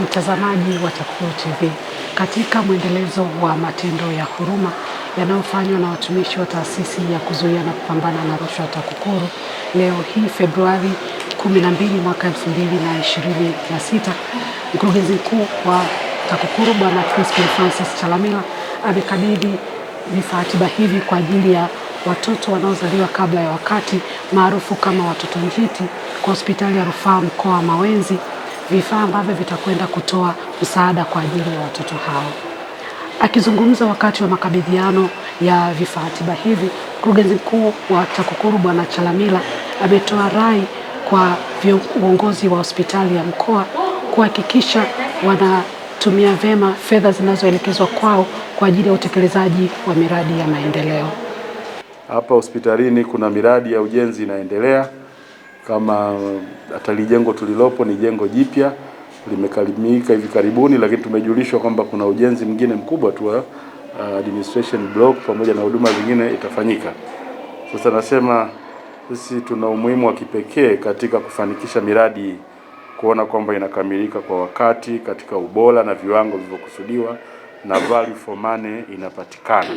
mtazamaji wa Takukuu TV katika mwendelezo wa matendo ya huruma yanayofanywa na watumishi wa taasisi ya kuzuia na kupambana na rushwa TAKUKURU, leo hii Februari 12 mwaka 2026, mkurugenzi mkuu wa TAKUKURU Bwana Crispin Francis Chalamila amekabidhi vifaa tiba hivi kwa ajili ya watoto wanaozaliwa kabla ya wakati maarufu kama watoto njiti kwa hospitali ya rufaa mkoa wa Mawenzi vifaa ambavyo vitakwenda kutoa msaada kwa ajili ya watoto hao. Akizungumza wakati wa makabidhiano ya vifaa tiba hivi, mkurugenzi mkuu wa TAKUKURU Bwana Chalamila ametoa rai kwa viongozi wa hospitali ya mkoa kuhakikisha wanatumia vyema fedha zinazoelekezwa kwao kwa ajili ya utekelezaji wa miradi ya maendeleo. Hapa hospitalini kuna miradi ya ujenzi inaendelea kama uh, hatari. Jengo tulilopo ni jengo jipya limekamilika hivi karibuni, lakini tumejulishwa kwamba kuna ujenzi mwingine mkubwa tu wa uh, administration block pamoja na huduma zingine itafanyika. Sasa nasema sisi tuna umuhimu wa kipekee katika kufanikisha miradi kuona kwamba inakamilika kwa wakati katika ubora na viwango vilivyokusudiwa na value for money inapatikana.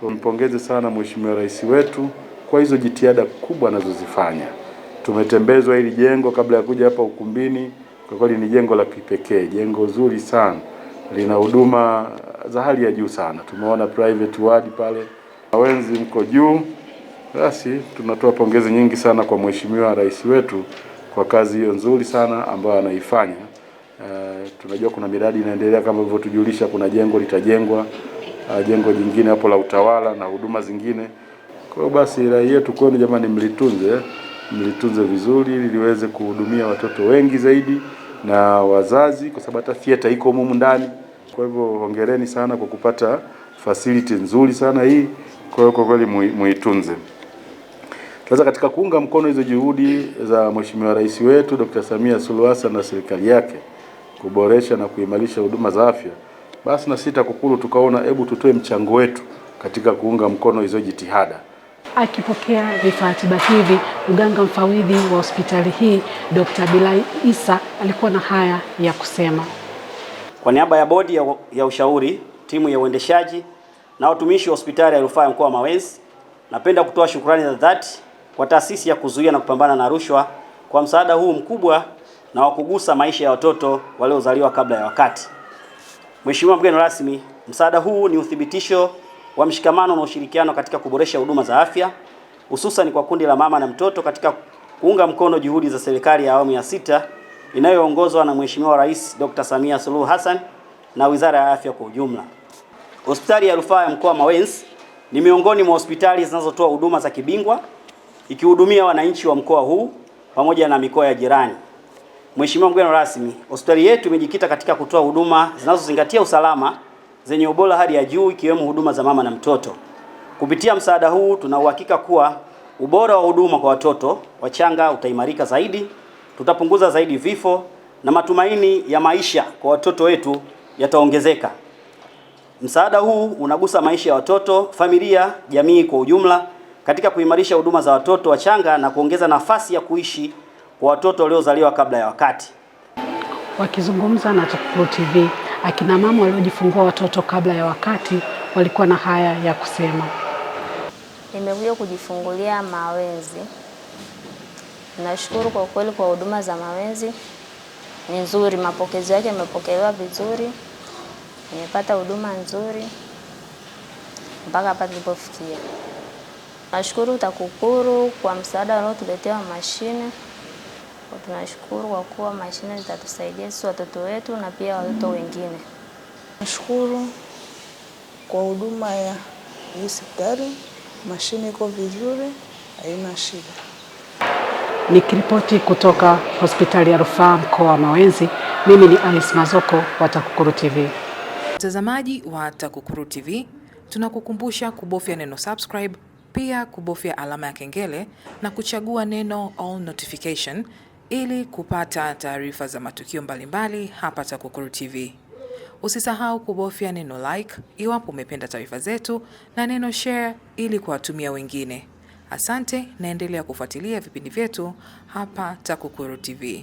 Tumpongeze sana Mheshimiwa Rais wetu kwa hizo jitihada kubwa anazozifanya. Tumetembezwa hili jengo kabla ya kuja hapa ukumbini. Kwa kweli ni jengo la kipekee, jengo zuri sana, lina huduma za hali ya juu sana. Tumeona private ward pale, wenzi mko juu. Basi tunatoa pongezi nyingi sana kwa mheshimiwa rais wetu kwa kazi hiyo nzuri sana ambayo anaifanya. Uh, tunajua kuna miradi inaendelea kama ilivyotujulisha, kuna jengo litajengwa, uh, jengo jingine hapo la utawala na huduma zingine. Kwa hiyo basi rai yetu kwenu jamani, mlitunze mlitunze vizuri ili liweze kuhudumia watoto wengi zaidi na wazazi, kwa sababu hata theater iko humu ndani. Kwa hivyo hongereni sana kwa kupata facility nzuri sana hii. Kwa hiyo kwa kweli muitunze. Sasa katika kuunga mkono hizo juhudi za Mheshimiwa Rais wetu Dr. Samia Suluhu Hassan na serikali yake kuboresha na kuimarisha huduma za afya, basi na sisi TAKUKURU tukaona hebu tutoe mchango wetu katika kuunga mkono hizo jitihada. Akipokea vifaa tiba hivi, mganga mfawidhi wa hospitali hii Dr. Bilai isa alikuwa na haya ya kusema. Kwa niaba ya bodi ya, ya ushauri, timu ya uendeshaji na watumishi wa hospitali ya rufaa ya mkoa wa Mawenzi, napenda kutoa shukrani za dhati kwa taasisi ya kuzuia na kupambana na rushwa kwa msaada huu mkubwa na wa kugusa maisha ya watoto waliozaliwa kabla ya wakati. Mheshimiwa mgeni rasmi, msaada huu ni uthibitisho wa mshikamano na ushirikiano katika kuboresha huduma za afya hususan kwa kundi la mama na mtoto katika kuunga mkono juhudi za serikali ya awamu ya sita inayoongozwa na Mheshimiwa Rais Dr. Samia Suluhu Hassan na Wizara ya Afya kwa ujumla. Hospitali ya Rufaa ya Mkoa wa Mawenzi ni miongoni mwa hospitali zinazotoa huduma za kibingwa ikihudumia wananchi wa mkoa huu pamoja na mikoa ya jirani. Mheshimiwa mgeni rasmi, hospitali yetu imejikita katika kutoa huduma zinazozingatia usalama zenye ubora hali ya juu ikiwemo huduma za mama na mtoto. Kupitia msaada huu, tuna uhakika kuwa ubora wa huduma kwa watoto wachanga utaimarika zaidi, tutapunguza zaidi vifo na matumaini ya maisha kwa watoto wetu yataongezeka. Msaada huu unagusa maisha ya watoto, familia, jamii kwa ujumla katika kuimarisha huduma za watoto wachanga na kuongeza nafasi ya kuishi kwa watoto waliozaliwa kabla ya wakati. Wakizungumza na Tukuku TV akina mama waliojifungua watoto kabla ya wakati walikuwa na haya ya kusema. Nimekuja kujifungulia mawezi. Nashukuru kwa kweli kwa huduma za mawezi ni nzuri, mapokezi yake yamepokelewa vizuri, nimepata huduma nzuri mpaka hapa nilipofikia. Nashukuru TAKUKURU kwa msaada wanaotuletea mashine. Tunashukuru kwa kuwa mashine zitatusaidia sisi watoto wetu na pia watoto wengine. Nashukuru kwa huduma ya hospitali, mashine iko vizuri, haina shida. Nikiripoti kutoka hospitali ya rufaa mkoa wa Mawenzi, mimi ni Alice Mazoko wa TAKUKURU TV. Mtazamaji wa TAKUKURU TV, tunakukumbusha kubofya neno subscribe, pia kubofya alama ya kengele na kuchagua neno all notification ili kupata taarifa za matukio mbalimbali hapa TAKUKURU TV. Usisahau kubofya neno like iwapo umependa taarifa zetu na neno share ili kuwatumia wengine. Asante, naendelea kufuatilia vipindi vyetu hapa TAKUKURU TV.